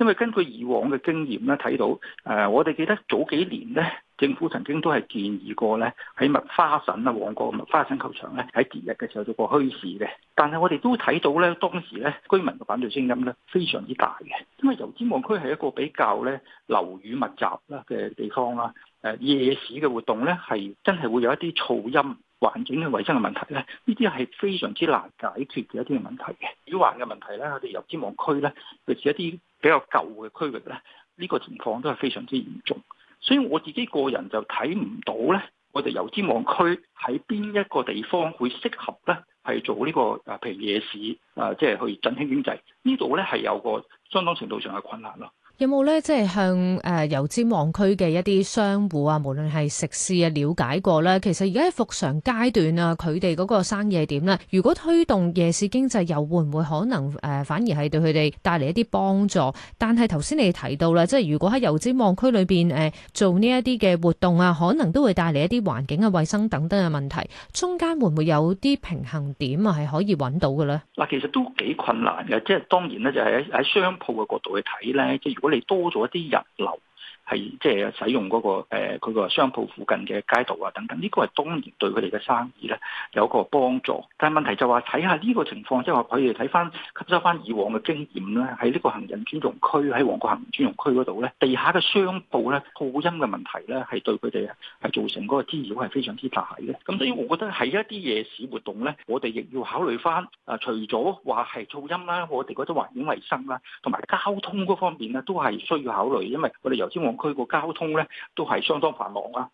因為根據以往嘅經驗咧，睇到誒，我哋記得早幾年咧，政府曾經都係建議過咧，喺麥花臣、啊、旺角麥花臣球場咧，喺節日嘅時候做過墟市嘅。但係我哋都睇到咧，當時咧居民嘅反對聲音咧，非常之大嘅。因為油尖旺區係一個比較咧樓宇密集啦嘅地方啦，誒夜市嘅活動咧係真係會有一啲噪音。環境嘅衛生嘅問題咧，呢啲係非常之難解決嘅一啲嘅問題嘅。二環嘅問題咧，我哋油尖旺區咧，尤其是一啲比較舊嘅區域咧，呢個情況都係非常之嚴重。所以我自己個人就睇唔到咧，我哋油尖旺區喺邊一個地方會適合咧，係做呢個，譬如夜市啊，呃，即係去振興經濟，呢度咧係有個相當程度上嘅困難咯。有冇咧，即係向誒油尖旺區嘅一啲商戶啊，無論係食肆啊，了解過咧，其實而家喺復常階段啊，佢哋嗰個生意係點咧？如果推動夜市經濟，又會唔會可能誒，反而係對佢哋帶嚟一啲幫助？但係頭先你提到啦，即係如果喺油尖旺區裏邊誒做呢一啲嘅活動啊，可能都會帶嚟一啲環境嘅衞生等等嘅問題。中間會唔會有啲平衡點啊係可以揾到嘅咧？嗱，其實都幾困難嘅，即係當然咧，就係喺商鋪嘅角度去睇咧，即如果。你多咗一啲人流。係即係使用嗰、那個誒、呃、商鋪附近嘅街道啊等等，呢、這個係當然對佢哋嘅生意咧有個個幫助。但係問題就話睇下呢個情況，即係話佢哋睇翻吸收翻以往嘅經驗咧，喺呢個行人專用區喺旺角行人專用區嗰度咧，地下嘅商鋪咧噪音嘅問題咧係對佢哋係造成嗰個滋擾係非常之大嘅。咁所以，我覺得係一啲夜市活動咧，我哋亦要考慮翻啊，除咗話係噪音啦，我哋覺得環境衞生啦，同埋交通嗰方面咧都係需要考慮，因為我哋由天往。佢個交通咧都係相當繁忙啊！